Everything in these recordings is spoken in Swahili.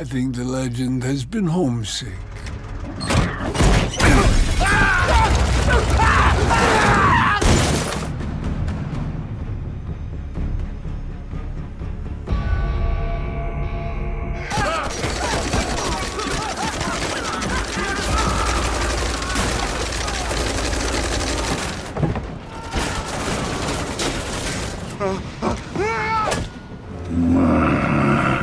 I think the legend has been homesick.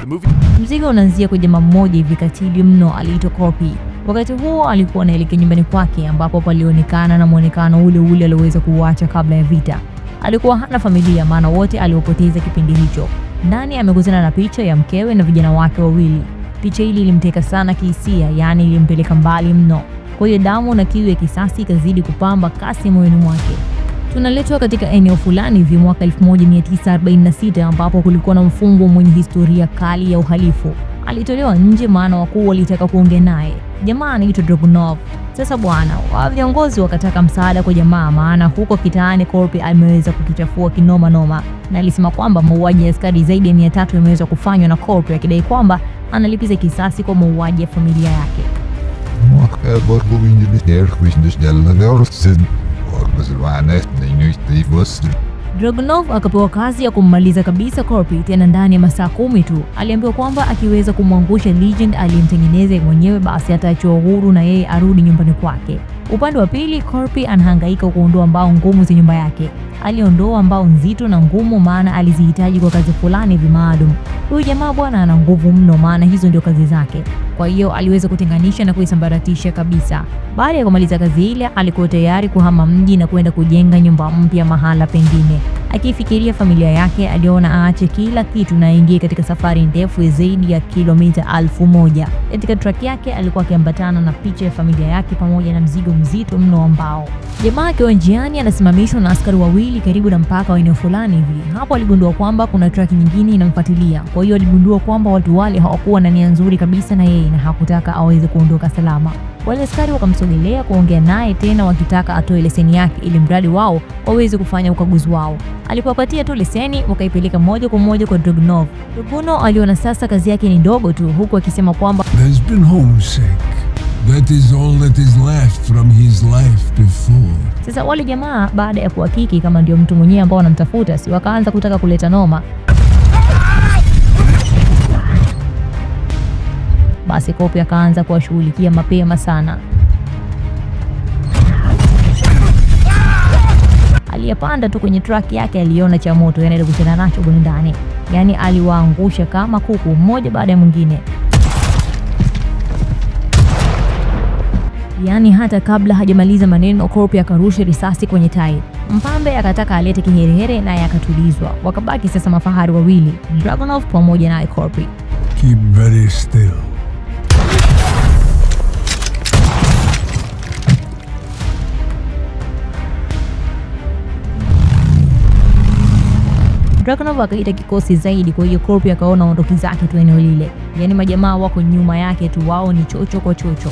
The movie Mzigo unaanzia kwa jamaa mmoja hivi katibi mno aliitwa Kopi. Wakati huo alikuwa anaelekea nyumbani kwake ambapo palionekana na mwonekano ule ule alioweza kuuacha kabla ya vita. Alikuwa hana familia, maana wote aliopoteza kipindi hicho. Nani amekutana na picha ya mkewe na vijana wake wawili. Picha hili ilimteka sana kihisia, yaani ilimpeleka mbali mno. Kwa hiyo damu na kiu ya kisasi ikazidi kupamba kasi moyoni mwake tunaletwa katika eneo fulani hivi mwaka 1946 ambapo kulikuwa na mfungwa mwenye historia kali ya uhalifu. Alitolewa nje maana wakuu walitaka kuongea naye. Jamaa anaitwa Dragunov. Sasa bwana, wa viongozi wakataka msaada kwa jamaa, maana huko kitaani korpi ameweza kukichafua kinoma noma, na alisema kwamba mauaji ya askari zaidi ya mia tatu yameweza kufanywa na Korpi, akidai kwamba analipiza kisasi kwa mauaji ya familia yake. Dragunov akapewa kazi ya kummaliza kabisa Corpi, tena ndani ya masaa kumi tu. Aliambiwa kwamba akiweza kumwangusha Legend aliyemtengeneza mwenyewe, basi ataachiwa uhuru na yeye arudi nyumbani kwake. Upande wa pili, Corpi anahangaika kuondoa mbao ngumu za nyumba yake. Aliondoa mbao nzito na ngumu, maana alizihitaji kwa kazi fulani hivi Huyu jamaa bwana ana nguvu mno, maana hizo ndio kazi zake. Kwa hiyo aliweza kutenganisha na kuisambaratisha kabisa. Baada ya kumaliza kazi ile, alikuwa tayari kuhama mji na kwenda kujenga nyumba mpya mahala pengine akifikiria familia yake, aliona aache kila kitu na aingie katika safari ndefu zaidi ya kilomita alfu moja. Katika truck yake alikuwa akiambatana na picha ya familia yake pamoja na mzigo mzito mno wa mbao. Jamaa akiwa njiani, anasimamishwa na askari wawili karibu na mpaka wa eneo fulani hivi. Hapo aligundua kwamba kuna truck nyingine inamfuatilia, kwa hiyo aligundua kwamba watu wale hawakuwa na nia nzuri kabisa na yeye, na hakutaka aweze kuondoka salama. Wale askari wakamsogelea kuongea naye tena, wakitaka atoe leseni yake ili mradi wao waweze kufanya ukaguzi wao. Alipowapatia tu leseni, wakaipeleka moja kwa moja kwa drugnov Dragunov aliona sasa kazi yake ni ndogo tu, huku akisema kwamba There's been homesick. That is all that is left from his life before. Sasa wale jamaa baada ya kuhakiki kama ndio mtu mwenyewe ambao wanamtafuta, si wakaanza kutaka kuleta noma. Basi Kopi akaanza kuwashughulikia mapema sana. aliyepanda tu kwenye truck yake aliona cha moto, yani alikutana nacho ndani, yani aliwaangusha kama kuku mmoja baada ya mwingine. Yaani hata kabla hajamaliza maneno, Okorpi akarusha risasi kwenye tai. Mpambe akataka alete kiherehere, naye akatulizwa. Wakabaki sasa mafahari wawili, Dragunov pamoja na Okorpi. Keep very still. Rakanov akaita kikosi zaidi, kwa hiyo Korpi akaona ondoki zake tu eneo lile, yaani majamaa wako nyuma yake tu, wao ni chocho kwa chocho.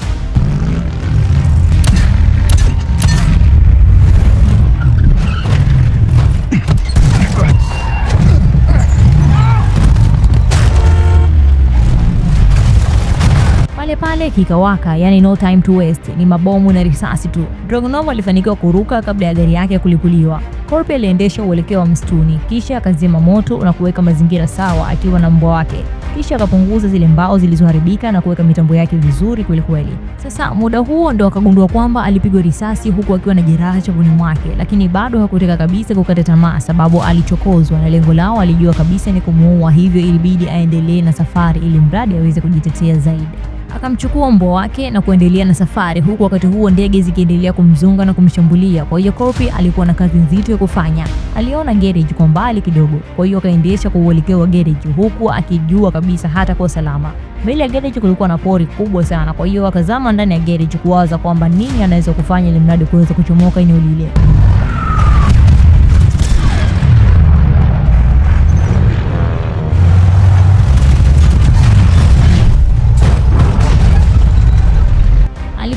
pale kikawaka, yani no time to waste, ni mabomu na risasi tu. Dragunov alifanikiwa kuruka kabla ya gari yake kulipuliwa. Korpe aliendesha uelekeo wa msituni, kisha akazima moto na kuweka mazingira sawa akiwa na mbwa wake, kisha akapunguza zile mbao zilizoharibika na kuweka mitambo yake vizuri kweli kweli. Sasa muda huo ndo akagundua kwamba alipigwa risasi huku akiwa na jeraha chavuni mwake, lakini bado hakutaka kabisa kukata tamaa, sababu alichokozwa na lengo lao alijua kabisa ni kumuua, hivyo ilibidi aendelee na safari ili mradi aweze kujitetea zaidi akamchukua mbwa wake na kuendelea na safari, huku wakati huo ndege zikiendelea kumzunga na kumshambulia. Kwa hiyo Koppy alikuwa na kazi nzito ya kufanya. Aliona garage kwa mbali kidogo, kwa hiyo akaendesha kwa uelekeo wa garage, huku akijua kabisa hata kwa salama. Mbele ya garage kulikuwa na pori kubwa sana, kwa hiyo akazama ndani ya garage kuwaza kwamba nini anaweza kufanya ili mradi kuweza kuchomoka eneo lile.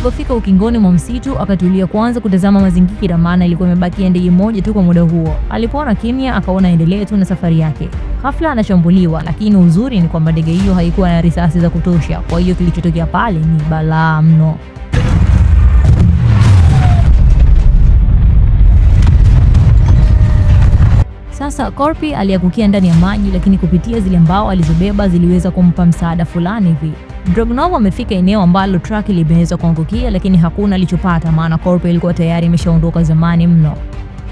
Walipofika ukingoni mwa msitu, akatulia kwanza kutazama mazingira, maana ilikuwa imebakia ndege moja tu kwa muda huo. Alipoona kimya, akaona endelee tu na safari yake. Ghafla anashambuliwa, lakini uzuri ni kwamba ndege hiyo haikuwa na risasi za kutosha, kwa hiyo kilichotokea pale ni balaa mno. Sasa Corpy aliangukia ndani ya maji, lakini kupitia zile mbao alizobeba ziliweza kumpa msaada fulani hivi. drognov amefika eneo ambalo truck limeweza kuangukia, lakini hakuna alichopata, maana Corpy ilikuwa tayari imeshaondoka zamani mno.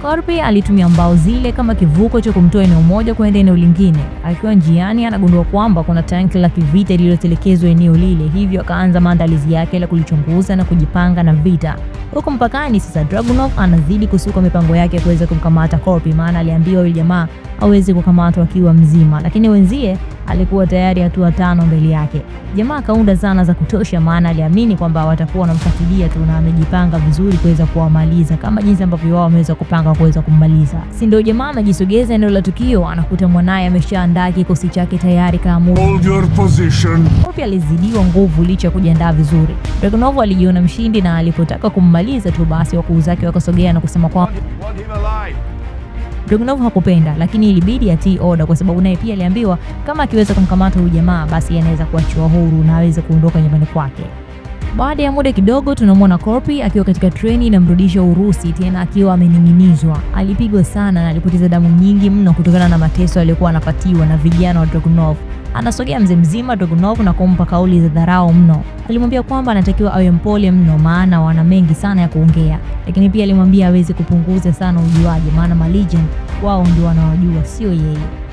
Corby alitumia mbao zile kama kivuko cha kumtoa eneo moja kwenda eneo lingine. Akiwa njiani, anagundua kwamba kuna tanki la kivita lililotelekezwa eneo lile, hivyo akaanza maandalizi yake la kulichunguza na kujipanga na vita. Huko mpakani sasa, Dragunov anazidi kusuka mipango yake ya kuweza kumkamata Corby, maana aliambiwa yule jamaa aweze kukamatwa akiwa mzima, lakini wenzie alikuwa tayari hatua tano mbele yake. Jamaa akaunda zana za kutosha, maana aliamini kwamba watakuwa wanamfuatilia tu, na amejipanga vizuri kuweza kuwamaliza kama jinsi ambavyo wao wameweza kupanga kuweza kummaliza, si ndio? Jamaa amejisogeza eneo la tukio, anakuta mwanaye ameshaandaa kikosi chake tayari. Kamupi alizidiwa nguvu licha ya kujiandaa vizuri. Dragunov alijiona mshindi, na alipotaka kummaliza tu, basi wakuu zake wakasogea na kusema kwamba Dragunov hakupenda, lakini ilibidi atii oda, kwa sababu naye pia aliambiwa kama akiweza kumkamata huyu jamaa, basi anaweza kuachiwa huru na aweze kuondoka nyumbani kwake. Baada ya muda kidogo tunamwona Corpi akiwa katika treni inamrudisha Urusi, tena akiwa amening'inizwa. Alipigwa sana na alipoteza damu nyingi mno kutokana na mateso aliyokuwa anapatiwa na vijana wa Dragunov anasogea mzee mzima Dragunov na kumpa kauli za dharau mno. Alimwambia kwamba anatakiwa awe mpole mno, maana wana mengi sana ya kuongea, lakini pia alimwambia aweze kupunguza sana ujuaji, maana Maligen wao ndio wanawajua sio yeye.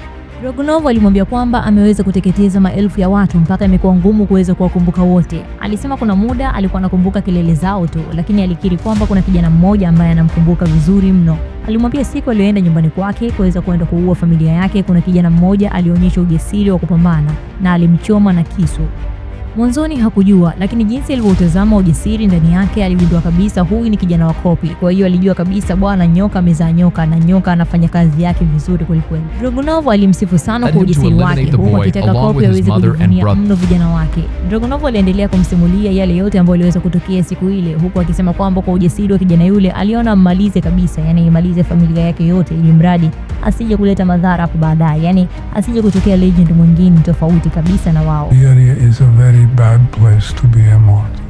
Rogunov alimwambia kwamba ameweza kuteketeza maelfu ya watu mpaka imekuwa ngumu kuweza kuwakumbuka wote. Alisema kuna muda alikuwa anakumbuka kelele zao tu, lakini alikiri kwamba kuna kijana mmoja ambaye anamkumbuka vizuri mno. Alimwambia siku aliyoenda nyumbani kwake kuweza kwenda kuua familia yake, kuna kijana mmoja alionyesha ujasiri wa kupambana na alimchoma na kisu. Mwanzoni hakujua, lakini jinsi alivyotazama ujasiri ndani yake aligundua kabisa huyu ni kijana wa Kopi. Kwa hiyo alijua kabisa bwana, nyoka amezaa nyoka na nyoka anafanya kazi yake vizuri kwelikweli. Dragunov alimsifu sana kwa ujasiri wake, huku akitaka Kopi aweze kujivunia mno vijana wake. Dragunov aliendelea kumsimulia yale yote ambayo aliweza kutokea siku ile, huku akisema kwamba kwa ujasiri wa kijana yule aliona mmalize kabisa, yani imalize familia yake yote, ili mradi asije kuleta madhara hapo baadaye, yani asije kutokea legend mwingine tofauti kabisa na wao bad place to be immortal.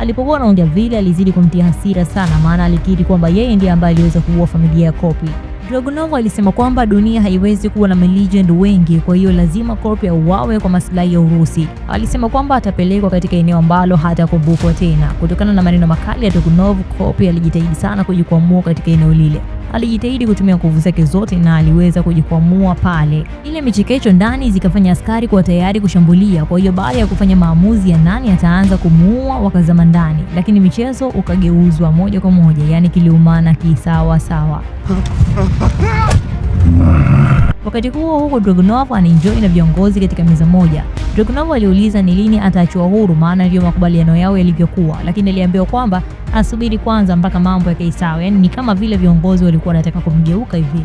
Alipokuwa anaongea vile, alizidi kumtia hasira sana, maana alikiri kwamba yeye ndiye ambaye aliweza kuua familia ya Kopi. Dragunov alisema kwamba dunia haiwezi kuwa na malegend wengi, kwa hiyo lazima Kopi auawe kwa maslahi ya Urusi. Alisema kwamba atapelekwa katika eneo ambalo hatakumbukwa tena. Kutokana na maneno makali ya Dragunov, Kopi alijitahidi sana kujikwamua katika eneo lile alijitahidi kutumia nguvu zake zote na aliweza kujikwamua pale. Ile michekecho ndani zikafanya askari kuwa tayari kushambulia. Kwa hiyo baada ya kufanya maamuzi ya nani ataanza kumuua, wakazama ndani, lakini michezo ukageuzwa moja kwa moja, yaani kiliumana kisawasawa. Wakati huo huko Dragunov anaenjoy na viongozi katika meza moja. Dragunov aliuliza ni lini ataachiwa huru, maana ndiyo makubaliano yao yalivyokuwa, lakini aliambiwa kwamba asubiri kwanza mpaka mambo yake sawa. Yaani ni kama vile viongozi walikuwa wanataka kumgeuka hivi.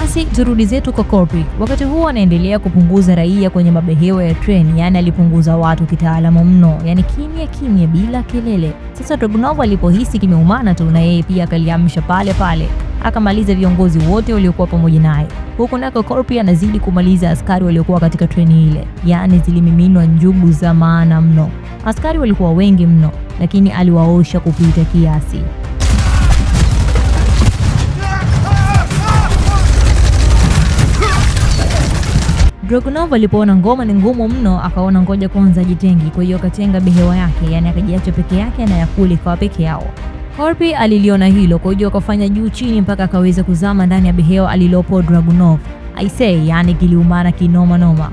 Basi turudi zetu kwa Corby. Wakati huo anaendelea kupunguza raia kwenye mabehewa ya treni, yani alipunguza watu kitaalamu mno, yani kimya kimya bila kelele. Sasa Dragunov alipohisi kimeumana tu, na yeye pia akaliamsha pale pale, akamaliza viongozi wote waliokuwa pamoja naye. Huku nako Corpy anazidi kumaliza askari waliokuwa katika treni ile, yaani zilimiminwa njugu za maana mno. Askari walikuwa wengi mno, lakini aliwaosha kupita kiasi. Dragunov alipoona ngoma ni ngumu mno, akaona ngoja kwanza ajitengi. Kwa hiyo akatenga behewa yake, yaani akajiacha peke yake na yakuli kwa peke yao. Korpi aliliona hilo, kwa hiyo akafanya juu chini mpaka akaweza kuzama ndani ya behewa alilopo Dragunov. Aisee, yani kiliumana kinoma noma.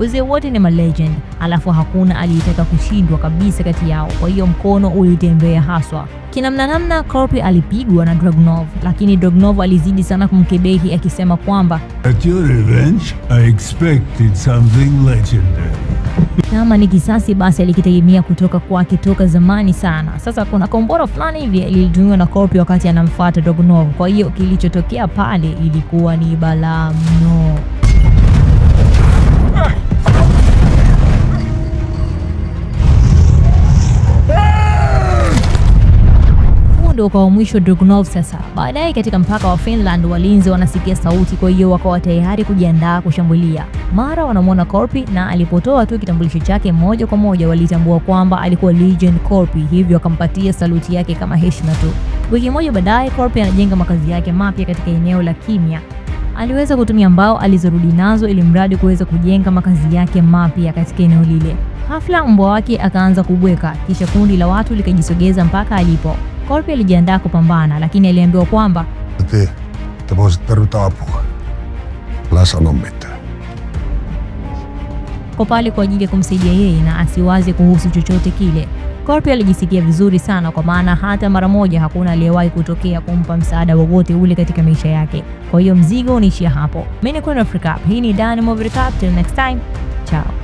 wazee wote ni malegend, alafu hakuna aliyetaka kushindwa kabisa kati yao. Kwa hiyo mkono ulitembea haswa kinamna namna. Corpi alipigwa na Dragunov, lakini Dragunov alizidi sana kumkebehi akisema kwamba At your revenge, I expected something legendary. Kama ni kisasi basi alikitegemea kutoka kwake toka zamani sana. Sasa kuna kombora fulani hivi lilitumiwa na Corpi wakati anamfuata Dragunov, kwa hiyo kilichotokea pale ilikuwa ni balaa mno. muda ukawa mwisho Dragunov sasa. Baadaye katika mpaka wa Finland walinzi wanasikia sauti, kwa hiyo wakawa tayari kujiandaa kushambulia. Mara wanamwona Korpi na alipotoa tu kitambulisho chake, moja kwa moja walitambua kwamba alikuwa Legion Korpi, hivyo akampatia saluti yake kama heshima tu. Wiki moja baadaye, Korpi anajenga makazi yake mapya katika eneo la kimya. Aliweza kutumia mbao alizorudi nazo ili mradi kuweza kujenga makazi yake mapya katika eneo lile. Hafla mbwa wake akaanza kubweka, kisha kundi la watu likajisogeza mpaka alipo. Scorpio alijiandaa kupambana, lakini aliambiwa kwamba Ko pale kwa ajili ya kumsaidia yeye na asiwaze kuhusu chochote kile. Scorpio alijisikia vizuri sana kwa maana hata mara moja hakuna aliyewahi kutokea kumpa msaada wowote ule katika maisha yake. Kwa hiyo mzigo unaishia hapo. Mimi ni Queen of Recap. Hii ni Dynamo Recap. Till next time. Ciao.